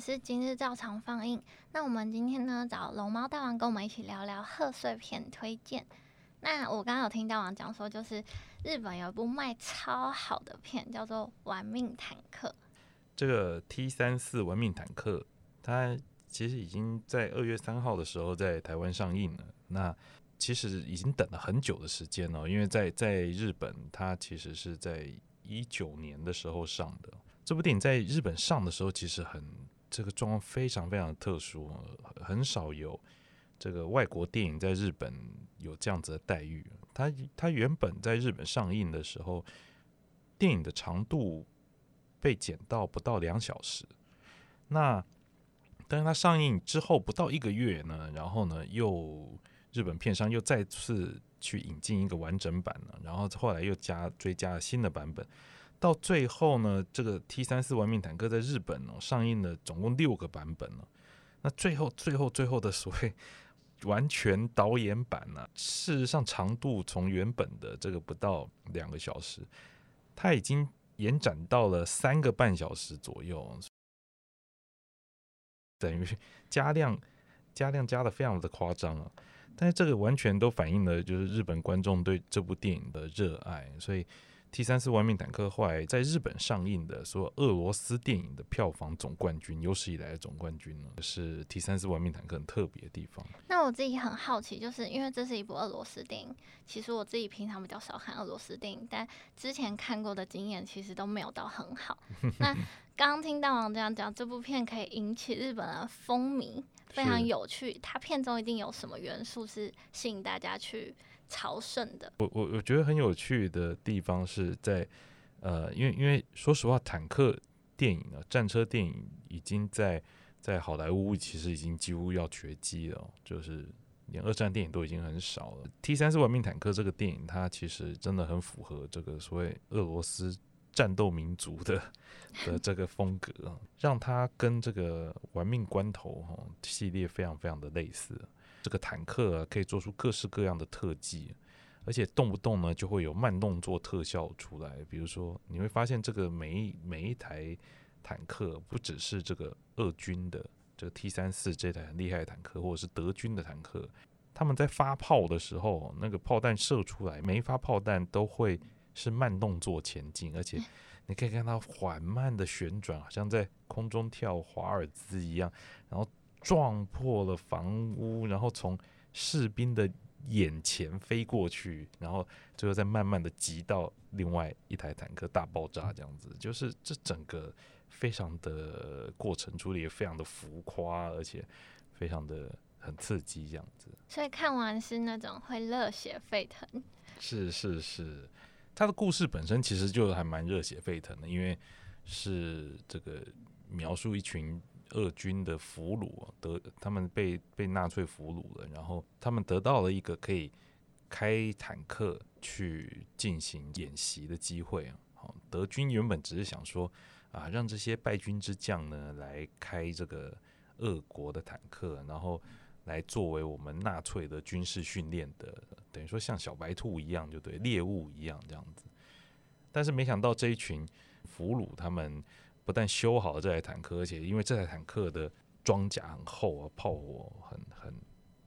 是今日照常放映。那我們今天呢找龍貓大王跟我們一起聊聊賀歲片推薦。那我剛剛有聽大王講說，就是日本有一部賣超好的片，叫做《玩命坦克》。這個 T-34 玩命坦克，它其實已經在二月三號的時候在台灣上映了。那其實已經等了很久的時間了、哦，因為在在日本，它其實是在一九年的時候上的。這部電影在日本上的時候，其實很。這個狀況非常非常特殊，很少有這個外國電影在日本有這樣子的待遇。它它原本在日本上映的時候，電影的長度被剪到不到兩小時。那但是它上映之後不到一個月呢，然後呢又日本片商又再次去引進一個完整版呢，然後後來又加追加了新的版本。到最後呢，這個 T 三四玩命坦克在日本哦上映了總共六個版本了、哦。那最後最後最後的所謂完全導演版呢、啊，事實上長度從原本的這個不到兩個小時，它已經延展到了三個半小時左右，等於加,加量加量加的非常的誇張啊！但是這個完全都反映了就是日本觀眾對這部電影的熱愛，所以。T34 玩命坦克後來在日本上映的，所有俄羅斯電影的票房總冠軍，有史以來的總冠軍呢，是 T34 玩命坦克很特別的地方，那我自己很好奇，就是因為這是一部俄羅斯電影，其實我自己平常比較少看俄羅斯電影，但之前看過的經驗其實都沒有到很好。 那剛剛聽大王這樣講，這部片可以引起日本人風靡，非常有趣，是它片中一定有什麼元素是吸引大家去朝聖的，我我我覺得很有趣的地方是在，呃，因為因為說實話，坦克電影啊，戰車電影已經在在好萊塢其實已經幾乎要絕跡了，就是連二戰電影都已經很少了。T34 玩命坦克這個電影，它其實真的很符合這個所謂俄羅斯戰鬥民族的的這個風格， 讓它跟這個玩命關頭哈系列非常非常的類似。這個坦克啊，可以做出各式各樣的特技，而且動不動呢就會有慢動作特效出來。比如說，你會發現這個每一每一台坦克，不只是這個俄軍的這個 T-34 這台很厲害的坦克，或者是德軍的坦克，他們在發炮的時候，那個炮彈射出來，每一發炮彈都會是慢動作前進，而且你可以看它緩慢的旋轉，好像在空中跳華爾茲一樣，然後。撞破了房屋，然後從士兵的眼前飛過去，然後最後再慢慢的擊到另外一台坦克，大爆炸這樣子，就是這整個非常的過程處理也非常的浮誇，而且非常的很刺激這樣子。所以看完是那種會熱血沸騰。是是是，他的故事本身其實就還蠻熱血沸騰的，因為是這個描述一群。俄軍的俘虜，德，他們被被納粹俘虜了，然後他們得到了一個可以開坦克去進行演習的機會。好，德軍原本只是想說啊，讓這些敗軍之將呢來開這個俄國的坦克，然後來作為我們納粹的軍事訓練的，等於說像小白兔一樣，就對獵物一樣這樣子。但是沒想到這一群俘虜他們。不但修好了這台坦克，而且因為這台坦克的裝甲很厚啊，炮火很很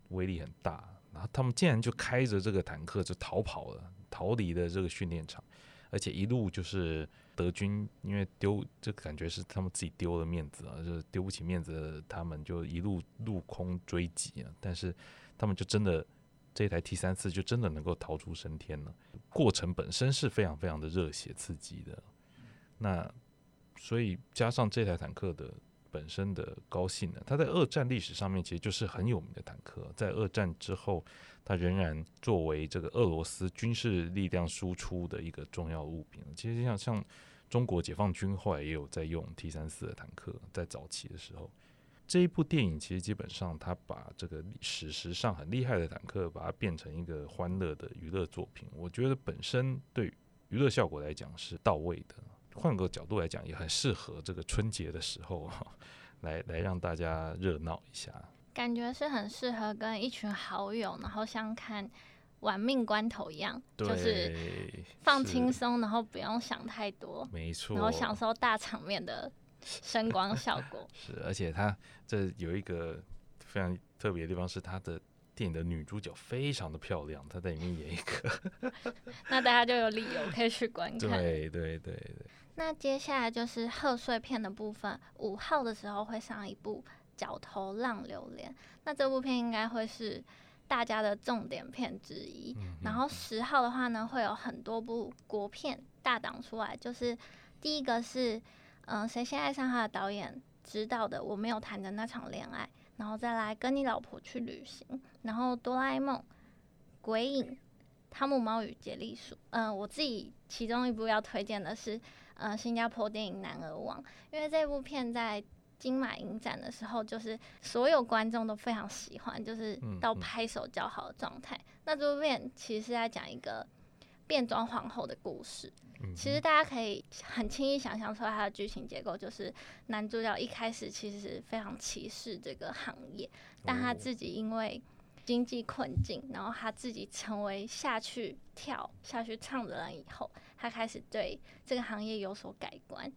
威力很大，然後他們竟然就開着這個坦克就逃跑了，逃離了這個訓練場，而且一路就是德軍，因為丟這感覺是他們自己丟的面子啊，就是丟不起面子，他們就一路陸空追擊啊。但是他們就真的這一台 T34 就真的能夠逃出生天了，啊，過程本身是非常非常的熱血刺激的，那。所以加上這台坦克的本身的高性能，它在二戰歷史上面其實就是很有名的坦克。在二戰之後，它仍然作為這個俄羅斯軍事力量輸出的一個重要物品。其實就像像中國解放軍後來也有在用 T34 的坦克，在早期的時候，這一部電影其實基本上它把這個史實上很厲害的坦克，把它變成一個歡樂的娛樂作品。我覺得本身對娛樂效果來講是到位的。換個角度來講，也很適合這個春節的時候，哦，來來讓大家熱鬧一下。感覺是很適合跟一群好友，然後像看玩命關頭一樣，對就是放輕鬆，是然後不用想太多，沒錯錯，然後享受大場面的聲光效果。 是，而且他這有一個非常特別的地方，是他的電影的女主角非常的漂亮，她在裡面演一個， 那大家就有理由可以去觀看。對對對對。那接下來就是賀歲片的部分。五號的時候會上一部《角頭浪流連》。連，那這部片應該會是大家的重點片之一。嗯嗯。然後十號的話呢，會有很多部國片大檔出來，就是第一個是嗯，誰先愛上他的導演指導的《我沒有談的那場戀愛》，然後再來《跟你老婆去旅行》，然後《哆啦 A 夢》《鬼影》《湯姆貓與傑利鼠》呃。嗯，我自己其中一部要推薦的是。呃，新加坡電影《男兒王》，因為這部片在金馬影展的時候，就是所有觀眾都非常喜歡，就是到拍手叫好的狀態。嗯嗯、那這部片其實是在講一個變裝皇後的故事，嗯、其實大家可以很輕易想象出來它的劇情結構，就是男主角一開始其實非常歧視這個行業，但他自己因為經濟困境，然後他自己成為下去跳下去唱的人以後。他開始對這個行業有所改觀。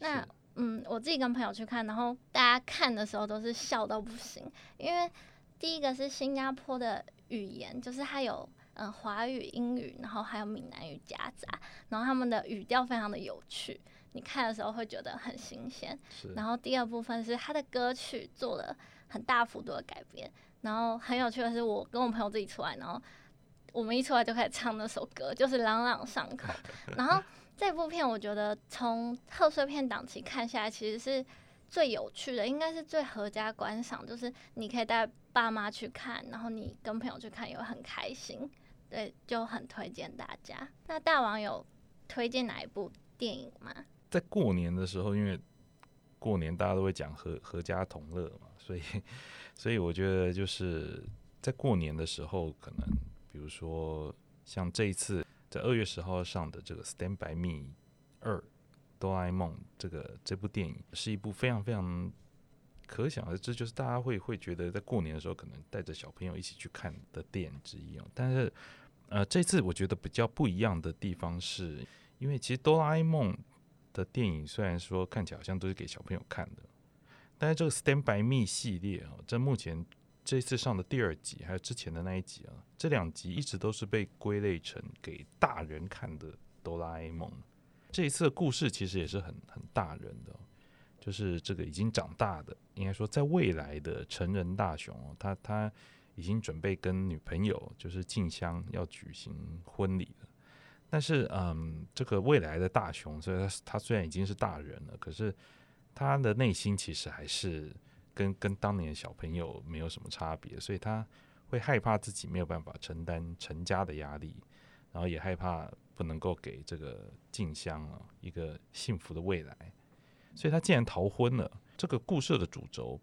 那是嗯，我自己跟朋友去看，然後大家看的時候都是笑到不行。因為第一個是新加坡的語言，就是它有嗯華語、英語，然後還有閩南語夾雜，然後他們的語調非常的有趣，你看的時候會覺得很新鮮。是然後第二部分是他的歌曲做了很大幅度的改編，然後很有趣的是，我跟我朋友自己出來，然後。我們一出來就開始唱那首歌，就是朗朗上口。 然後這部片，我覺得從賀歲片檔期看下來，其實是最有趣的，應該是最合家觀賞，就是你可以帶爸媽去看，然後你跟朋友去看也會很開心。對，就很推薦大家。那大王有推薦哪一部電影嗎？在過年的時候，因為過年大家都會講合合家同樂嘛，所以所以我覺得就是在過年的時候可能。比如說，像這一次在二月十號上的這個《Stand by Me 二哆啦 A 夢》這個這部電影，是一部非常非常可想而知，就是大家會會覺得在過年的時候可能帶着小朋友一起去看的電影之一、哦、但是，呃，這次我覺得比較不一樣的地方是，因為其實哆啦 A 夢的電影雖然說看起來好像都是給小朋友看的，但是這個《Stand by Me》系列啊、哦，在目前。這一次上的第二集，還有之前的那一集啊，這兩集一直都是被歸類成給大人看的哆啦 A 夢。這一次的故事其實也是很很大人的，哦，就是這個已經長大的，應該說在未來的成人大雄，哦，他他已經準備跟女朋友就是靜香要舉行婚禮了。但是，嗯，這個未來的大雄，所以他他雖然已經是大人了，可是他的內心其實還是。跟跟當年的小朋友沒有什麼差別，所以他會害怕自己沒有辦法承擔成家的壓力，然後也害怕不能夠給這個靜香啊一個幸福的未來，所以他竟然逃婚了。這個故事的主軸，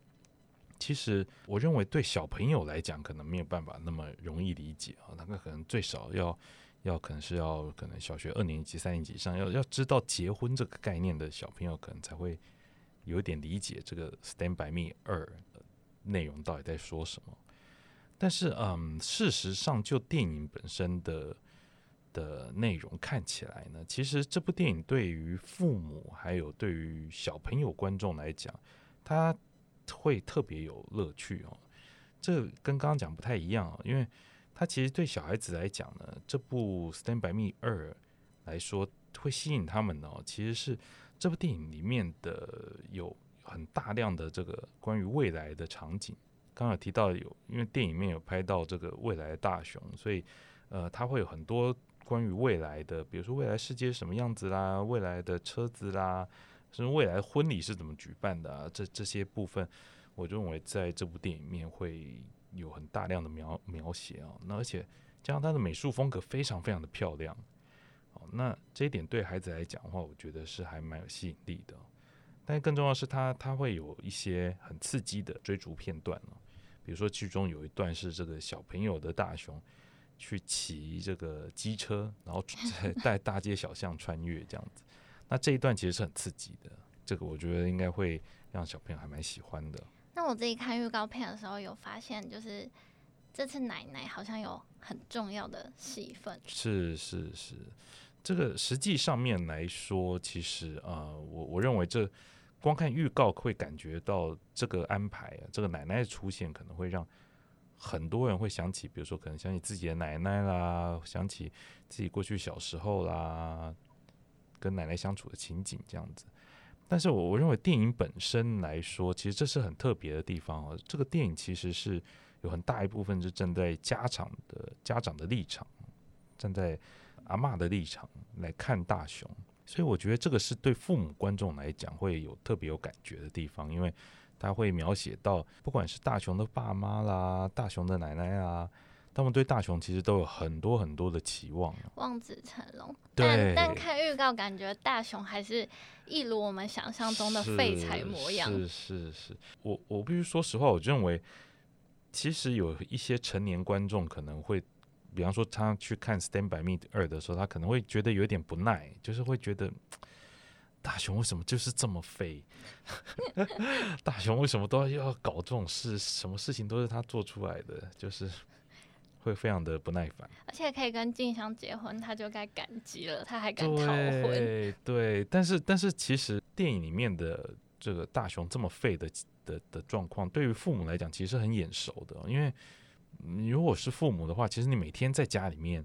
其實我認為對小朋友來講可能沒有辦法那麼容易理解啊，那個可能最少要要可能是要可能小學二年級三年級上要要知道結婚這個概念的小朋友可能才會。有點理解這個《Stand by Me》二的內容到底在說什麼，但是，嗯，事實上就電影本身的的內容看起來呢，其實這部電影對於父母還有對於小朋友觀眾來講，它會特別有樂趣哦。這跟剛剛講不太一樣哦，因為它其實對小孩子來講呢，這部《Stand by Me》二來說會吸引他們哦，其實是。這部電影裡面的有很大量的這個關於未來的場景，剛剛有提到有，因為電影裡面有拍到這個未來的大雄，所以呃，他會有很多關於未來的，比如說未來世界什麼樣子啦，未來的車子啦，甚至未來婚禮是怎麼舉辦的，啊，這這些部分，我認為在這部電影裡面會有很大量的描描寫啊，哦，那而且加上它的美術風格非常非常的漂亮。那這一點對孩子來講的話，我覺得是還蠻有吸引力的。但更重要的是他，他他會有一些很刺激的追逐片段哦，比如說劇中有一段是這個小朋友的大雄去騎這個機車，然後在大街小巷穿越這樣子。那這一段其實是很刺激的，這個我覺得應該會讓小朋友還蠻喜歡的。那我自己看預告片的時候，有發現就是這次奶奶好像有很重要的戲份，是是是。這個實際上面來說，其實啊、呃，我我認為這光看預告會感覺到這個安排、啊，這個奶奶的出現可能會讓很多人會想起，比如說可能想起自己的奶奶啦，想起自己過去小時候啦，跟奶奶相處的情景這樣子。但是我我認為電影本身來說，其實這是很特別的地方哦、啊。這個電影其實是有很大一部分就站在家長的家長的立場，站在。阿嬤的立場來看大雄，所以我覺得這個是對父母觀眾來講會有特別有感覺的地方，因為他會描寫到不管是大雄的爸媽啦、大雄的奶奶啊，他們對大雄其實都有很多很多的期望，望子成龍。對但但看預告感覺大雄還是一如我們想象中的廢柴模樣。是是是，是，我我必須說實話，我認為其實有一些成年觀眾可能會。比方說，他去看《Stand by Me》二的時候，他可能會覺得有點不耐，就是會覺得大雄為什麼就是這麼廢？ 大雄為什麼都要要搞這種事？什麼事情都是他做出來的，就是會非常的不耐煩。而且可以跟靜香結婚，他就該感激了，他還敢逃婚？對，對，但是但是其實電影裡面的這個大雄這麼廢的的的、的狀況，對於父母來講其實是很眼熟的，因為。你如果是父母的話，其實你每天在家裡面，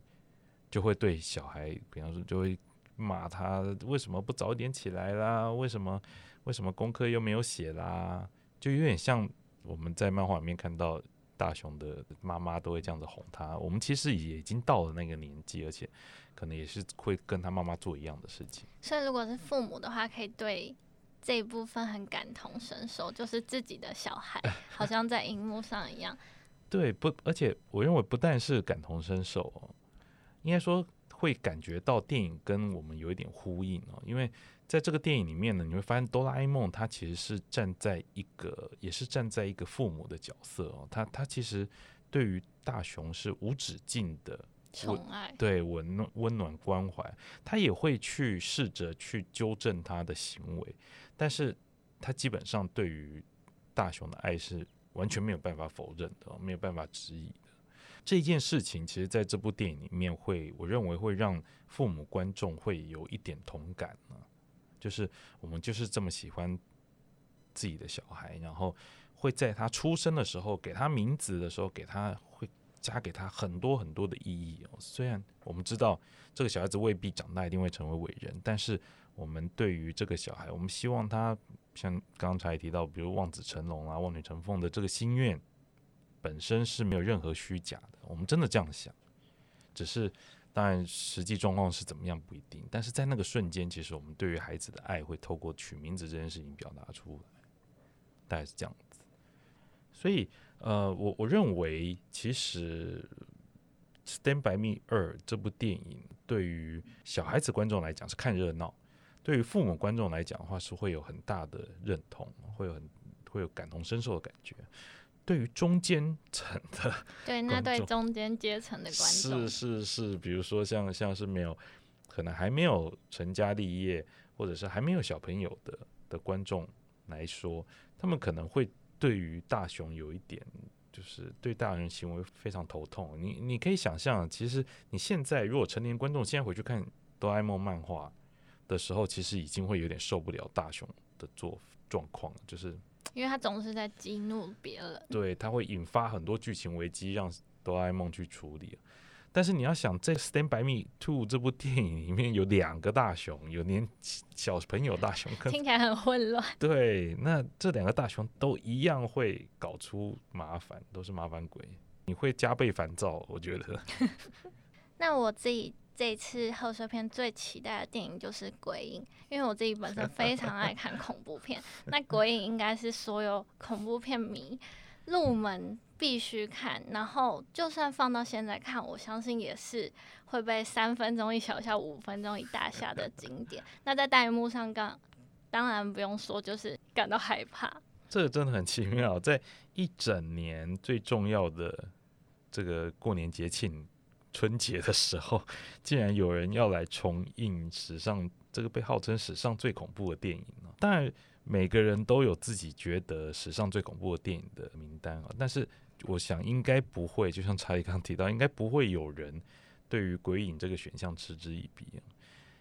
就會對小孩，比方說就會罵他為什麼不早點起來啦，為什麼為什麼功課又沒有寫啦，就有點像我們在漫畫裡面看到大雄的媽媽都會這樣子哄他。我們其實也已經到了那個年紀，而且可能也是會跟他媽媽做一樣的事情。所以，如果是父母的話，可以對這一部分很感同身受，就是自己的小孩好像在熒幕上一樣。 對，不，而且我認為不但是感同身受哦，應該說會感覺到電影跟我們有一點呼應哦。因為在這個電影裡面呢，你會發現哆啦 A 夢他其實是站在一個，也是站在一個父母的角色哦。他他其實對於大雄是無止境的溫愛對溫溫暖關懷，他也會去試着去糾正他的行為，但是他基本上對於大雄的愛是。完全沒有辦法否認的，沒有辦法質疑的這件事情，其實在這部電影裡面會，我認為會讓父母觀眾會有一點同感啊，就是我們就是這麼喜歡自己的小孩，然後會在他出生的時候給他名字的時候，給他會加給他很多很多的意義哦。雖然我們知道這個小孩子未必長大一定會成為偉人，但是我們對於這個小孩，我們希望他。像剛才提到，比如望子成龍啊、望女成鳳的這個心願，本身是沒有任何虛假的，我們真的這樣想。只是，當然實際狀況是怎麼樣不一定，但是在那個瞬間，其實我們對於孩子的愛會透過取名字這件事情表達出來，大概是這樣子。所以，呃，我我認為，其實《Stand by Me 2》這部電影對於小孩子觀眾來講是看熱鬧。對於父母觀眾來講的話，是會有很大的認同，會有很會有感同身受的感覺。對於中間層的對那對中間階層的觀眾是是是，比如說像像是沒有可能還沒有成家立業，或者是還沒有小朋友的的觀眾來說，他們可能會對於大雄有一點就是對大人行為非常頭痛。你你可以想象，其實你現在如果成年觀眾現在回去看哆啦 A 夢漫畫。的時候，其實已經會有點受不了大雄的狀狀況了，就是因為他總是在激怒別人，對，他會引發很多劇情危機，讓哆啦 A 夢去處理。但是你要想，這 Stand by Me Two 這部電影裡面有兩個大雄，有連小朋友大雄，聽起來很混亂。對，那這兩個大雄都一樣會搞出麻煩，都是麻煩鬼，你會加倍煩躁，我覺得。 那我自己。這一次賀歲片最期待的電影就是《鬼影》，因為我自己本身非常愛看恐怖片， 那《鬼影》應該是所有恐怖片迷入門必須看，然後就算放到現在看，我相信也是會被三分鐘一小下，五分鐘一大下的經典。 那在彈幕上剛，當然不用說，就是感到害怕。這個真的很奇妙，在一整年最重要的這個過年節慶。春節的時候，竟然有人要來重映史上這個被號稱史上最恐怖的電影啊。當然，每個人都有自己覺得史上最恐怖的電影的名單啊。但是，我想應該不會，就像查理剛剛提到，應該不會有人對於《鬼影》這個選項嗤之以鼻啊，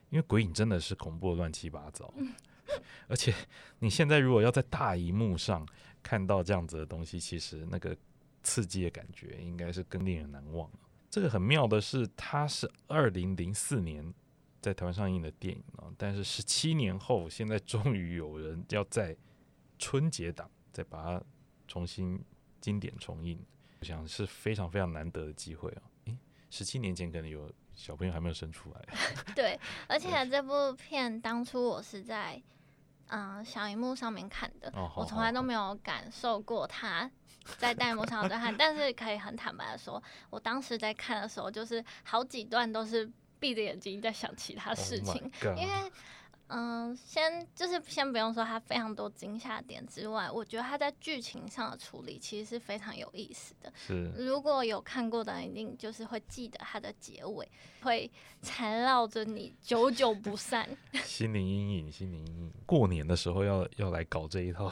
因為《鬼影》真的是恐怖的亂七八糟。嗯、 而且，你現在如果要在大熒幕上看到這樣子的東西，其實那個刺激的感覺應該是更令人難忘啊。這個很妙的是，它是二零零四年在台灣上映的電影啊，但是十七年後，現在終於有人要在春節檔再把它重新經典重映，我想是非常非常難得的機會啊。哎，十七年前可能有小朋友還沒有生出來。對，而且這部片當初我是在嗯，呃，小熒幕上面看的，哦，我從來都沒有感受過它。 在彈幕上昌弘，但是可以很坦白的說，我當時在看的時候，就是好幾段都是閉着眼睛在想其他事情，oh、因為，嗯、呃，先就是先不用說它非常多驚嚇點之外，我覺得它在劇情上的處理其實是非常有意思的。是，如果有看過的，一定就是會記得它的結尾，會纏繞着你久久不散。 心靈陰影，心靈陰影。過年的時候要要來搞這一套。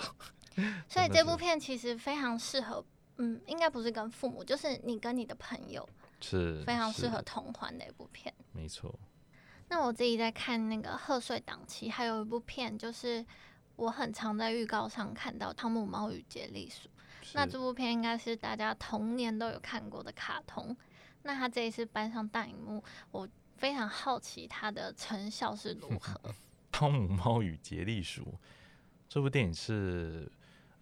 所以這部片其實非常適合，嗯，應該不是跟父母，就是你跟你的朋友是非常適合同歡的一部片。沒錯。那我自己在看那個賀歲檔期，還有一部片，就是我很常在預告上看到《湯姆貓與傑利鼠》。是那這部片應該是大家童年都有看過的卡通。那它這一次搬上大熒幕，我非常好奇它的成效是如何。《湯 姆貓與傑利鼠》這部電影是。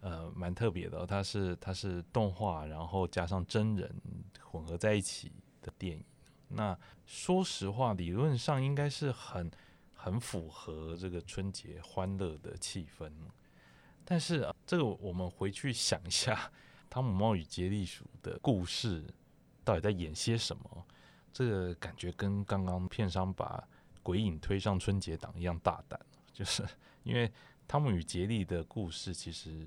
呃，蠻特別的，哦，它是它是動畫，然後加上真人混合在一起的電影。那說實話，理論上應該是很很符合這個春節歡樂的氣氛。但是，啊，這個我們回去想一下，《湯姆貓與傑利鼠》的故事到底在演些什麼？這個感覺跟剛剛片商把《鬼影》推上春節檔一樣大膽，就是因為《湯姆與傑利》的故事其實。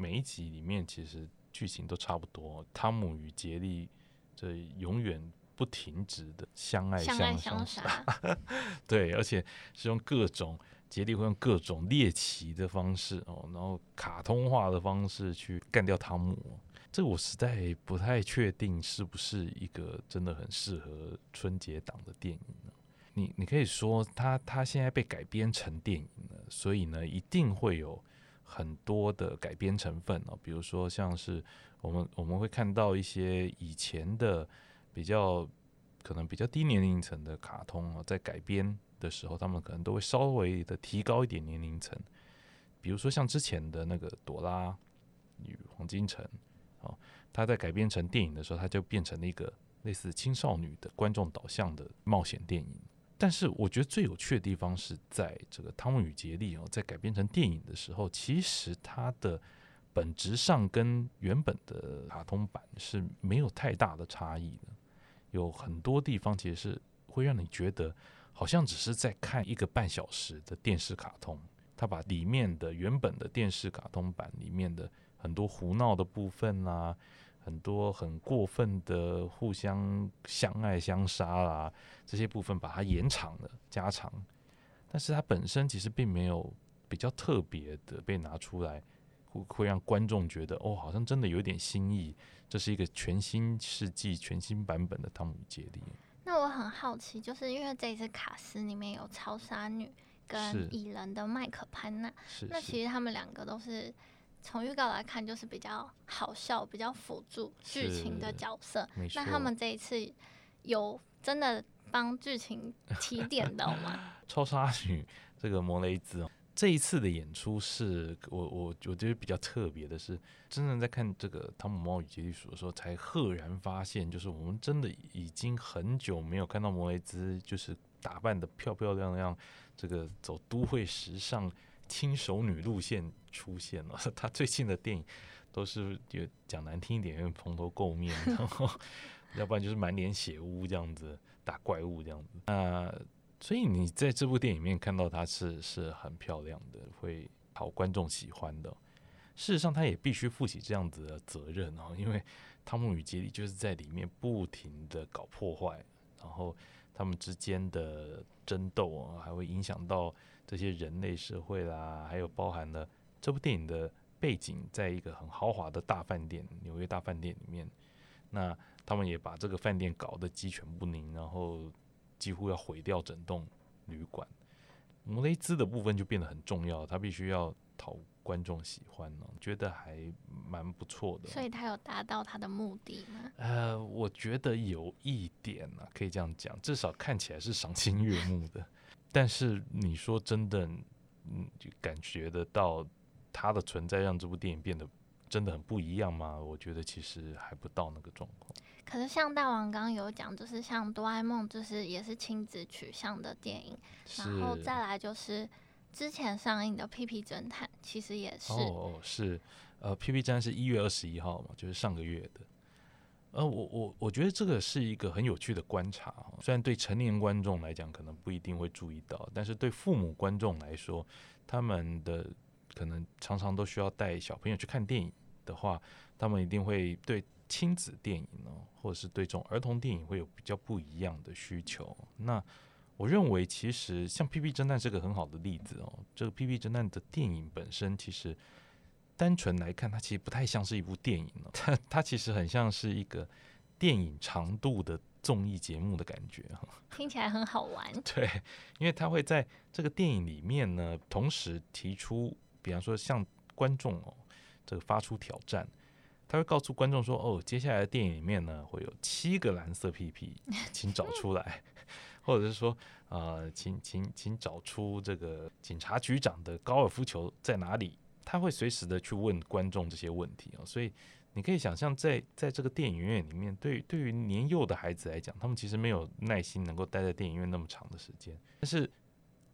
每一集裡面其實劇情都差不多，湯姆與傑利這永遠不停止的相愛相殺，相相 對，而且是用各種傑利會用各種獵奇的方式哦，然後卡通化的方式去幹掉湯姆，這我實在不太確定是不是一個真的很適合春節檔的電影呢？你你可以說他他現在被改編成電影了，所以呢一定會有。很多的改編成分哦，比如說像是我們我們會看到一些以前的比較可能比較低年齡層的卡通哦，在改編的時候，他們可能都會稍微的提高一點年齡層。比如說像之前的那個《朵拉與黃金城》哦，他在改編成電影的時候，他就變成了一個類似青少女的觀眾導向的冒險電影。但是我覺得最有趣的地方是在這個《湯姆與傑利》哦，在改編成電影的時候，其實它的本質上跟原本的卡通版是沒有太大的差異的，有很多地方其實是會讓你覺得好像只是在看一個半小時的電視卡通。它把裡面的原本的電視卡通版裡面的很多胡鬧的部分啊。很多很過分的互相相愛相殺啦，這些部分把它延長了加長，但是它本身其實並沒有比較特別的被拿出來，會會讓觀眾覺得哦，好像真的有點新意，這是一個全新世紀全新版本的《湯姆傑利》。那我很好奇，就是因為這一次《卡斯》裡面有超殺女跟蟻人的麥克潘納，是是那其實他們兩個都是。從預告來看，就是比較好笑，比較輔助劇情的角色。那他們這一次有真的幫劇情提點到嗎？ 超殺女這個摩雷茲這一次的演出是我我我覺得比較特別的是，真正在看這個《湯姆貓與傑利鼠》的時候，才赫然發現，就是我們真的已經很久沒有看到摩雷茲就是打扮得漂漂亮亮，這個走都會時尚。輕熟女路線出現了，她最近的電影都是有講難聽一點，因為蓬頭垢面，然後 要不然就是滿臉血污這樣子打怪物這樣子。那所以你在這部電影裡面看到她是是很漂亮的，會討觀眾喜歡的。事實上，她也必須負起這樣子的責任啊，因為湯姆與傑里就是在裡面不停的搞破壞，然後他們之間的爭鬥還會影響到。這些人類社會啦，還有包含了這部電影的背景，在一個很豪華的大飯店——紐約大飯店裡面。那他們也把這個飯店搞得雞犬不寧，然後幾乎要毀掉整棟旅館。摩雷茲的部分就變得很重要，他必須要討觀眾喜歡，覺得還蠻不錯的。所以他有達到他的目的嗎？呃，我覺得有一點啊，可以這樣講，至少看起來是賞心悅目的。 但是你說真的，嗯，就感覺得到他的存在讓這部電影變得真的很不一樣嗎？我覺得其實還不到那個狀況。可是像大王剛剛有講，就是像《哆啦 A 夢》，就是也是親子取向的電影，是然後再來就是之前上映的《屁屁偵探》，其實也是哦，哦，是，呃，《屁屁偵探》是一月二十一號嘛，就是上個月的。呃，我我我覺得這個是一個很有趣的觀察哦，雖然對成年觀眾來講可能不一定會注意到，但是對父母觀眾來說，他們的可能常常都需要帶小朋友去看電影的話，他們一定會對親子電影哦，或者是對這種兒童電影會有比較不一樣的需求。那我認為，其實像《P P 偵探》是個很好的例子哦，這個《P P 偵探》的電影本身其實。單純來看，它其實不太像是一部電影，它它其實很像是一個電影長度的綜藝節目的感覺哈，聽起來很好玩。對，因為它會在這個電影裡面呢，同時提出，比方說向觀眾哦，這個發出挑戰，他會告訴觀眾說，哦，接下來的電影裡面呢，會有七個藍色屁屁，請找出來， 或者是說啊、呃，請請請找出這個警察局長的高爾夫球在哪裡？他會隨時的去問觀眾這些問題啊、哦，所以你可以想象在，在在這個電影院裡面，對對於年幼的孩子來講，他們其實沒有耐心能夠待在電影院那麼長的時間。但是《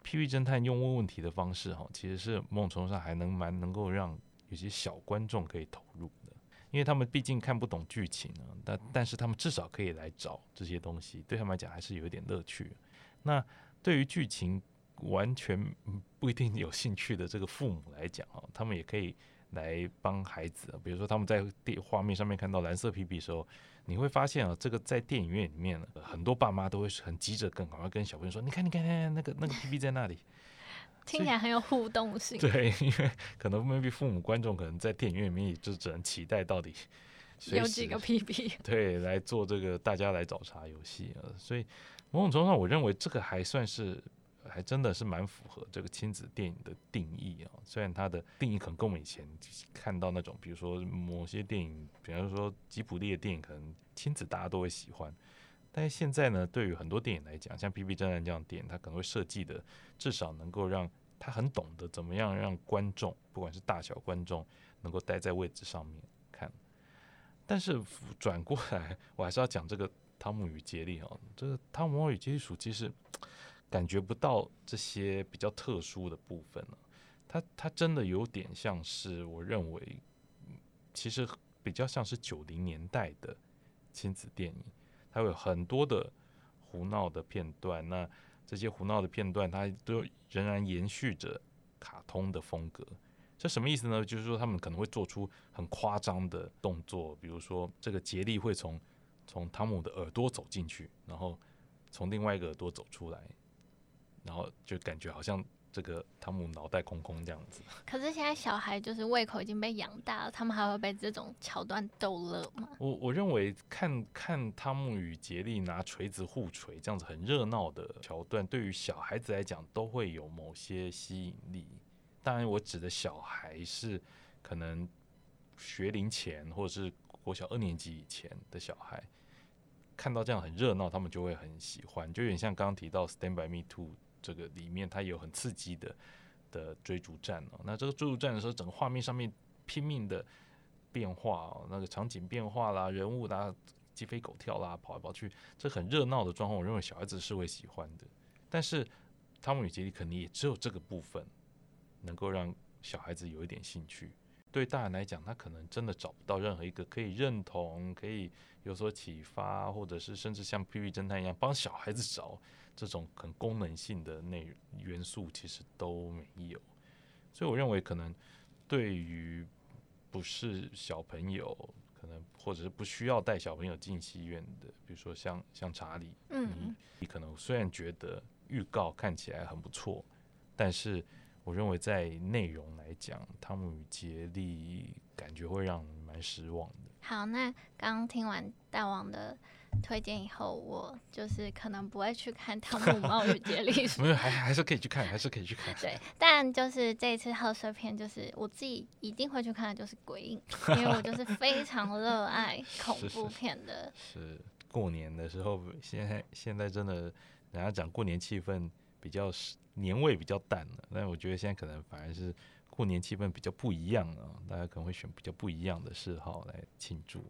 屁屁偵探》用問問題的方式、哦，哈，其實是某種程度上還能蠻能夠讓有些小觀眾可以投入的，因為他們畢竟看不懂劇情啊，但但是他們至少可以來找這些東西，對他們來講還是有一點樂趣。那對於劇情。完全不一定有興趣的這個父母來講啊，他們也可以來幫孩子啊，比如說他們在電畫面上面看到藍色 PB 的時候，你會發現啊，這個在電影院裡面，呃、很多爸媽都會很急着跟小孩跟小朋友說：“你看，你看，那個那個 PB 在那裡。”聽起來很有互動性。對，因為可能 maybe 父母觀眾可能在電影院裡面也就只能期待到底有幾個 PB。對，來做這個大家來找茬遊戲啊。所以某種程度上，我認為這個還算是。還真的是蠻符合這個親子電影的定義啊。哦，雖然它的定義可能跟我們以前看到那種，比如說某些電影，比如說吉卜力的電影，可能親子大家都會喜歡。但是現在呢，對於很多電影來講，像《屁屁偵探》這樣的電影，它可能會設計的至少能夠讓他很懂得怎麼樣讓觀眾，不管是大小觀眾，能夠待在位置上面看。但是轉過來，我還是要講這個《湯姆與傑利》哦，這個《湯姆與傑利》鼠其實。感覺不到這些比較特殊的部分了它，它它真的有點像是我認為，其實比較像是九零年代的親子電影，它有很多的胡鬧的片段。那這些胡鬧的片段，它都仍然延續着卡通的風格。這什麼意思呢？就是說他們可能會做出很誇張的動作，比如說這個傑利會從從湯姆的耳朵走進去，然後從另外一個耳朵走出來。然後就感覺好像這個湯姆腦袋空空這樣子。可是現在小孩就是胃口已經被養大了，他們還會被這種橋段逗樂嗎？我我認為看看湯姆與傑利拿錘子互錘這樣子很熱鬧的橋段，對於小孩子來講都會有某些吸引力。當然，我指的小孩是可能學齡前或者是國小二年級以前的小孩，看到這樣很熱鬧，他們就會很喜歡，就有點像剛剛提到《Stand by Me》2。這個裡面它有很刺激的的追逐戰哦，那這個追逐戰的時候，整個畫面上面拼命的變化哦，那個場景變化啦，人物啦，雞飛狗跳啦，跑來跑去，這很熱鬧的狀況，我認為小孩子是會喜歡的。但是《湯姆與傑利》可能也只有這個部分能夠讓小孩子有一點興趣。對大人來講，他可能真的找不到任何一個可以認同、可以有所啟發，或者是甚至像《P. P. 偵探》一樣幫小孩子找這種很功能性的內元素，其實都沒有。所以，我認為可能對於不是小朋友，可能或者是不需要帶小朋友進戲院的，比如說像像查理，你你可能雖然覺得預告看起來很不錯，但是。我認為在內容來講，《湯姆與傑利》感覺會讓你蠻失望的。好，那剛聽完大王的推薦以後，我就是可能不會去看《湯姆貓與傑利》。沒有，還還是可以去看，還是可以去看。 對，但就是這一次賀歲片，就是我自己一定會去看的就是《鬼影》， 因為我就是非常熱愛恐怖片的。是,是,是過年的時候，現在現在真的，人家講過年氣氛。比較年味比較淡了，但我覺得現在可能反而是過年氣氛比較不一樣啊。大家可能會選比較不一樣的嗜好來慶祝。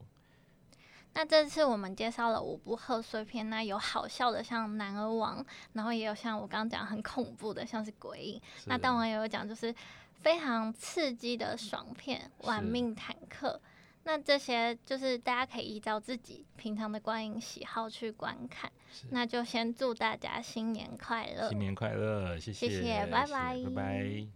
那這次我們介紹了五部賀歲片，那有好笑的像《男兒王》，然後也有像我剛剛講很恐怖的像是《鬼影》是，那當然也有講就是非常刺激的爽片《玩命坦克》。那這些就是大家可以依照自己平常的觀影喜好去觀看。是那就先祝大家新年快樂！新年快樂，謝謝，謝謝，拜拜，拜拜。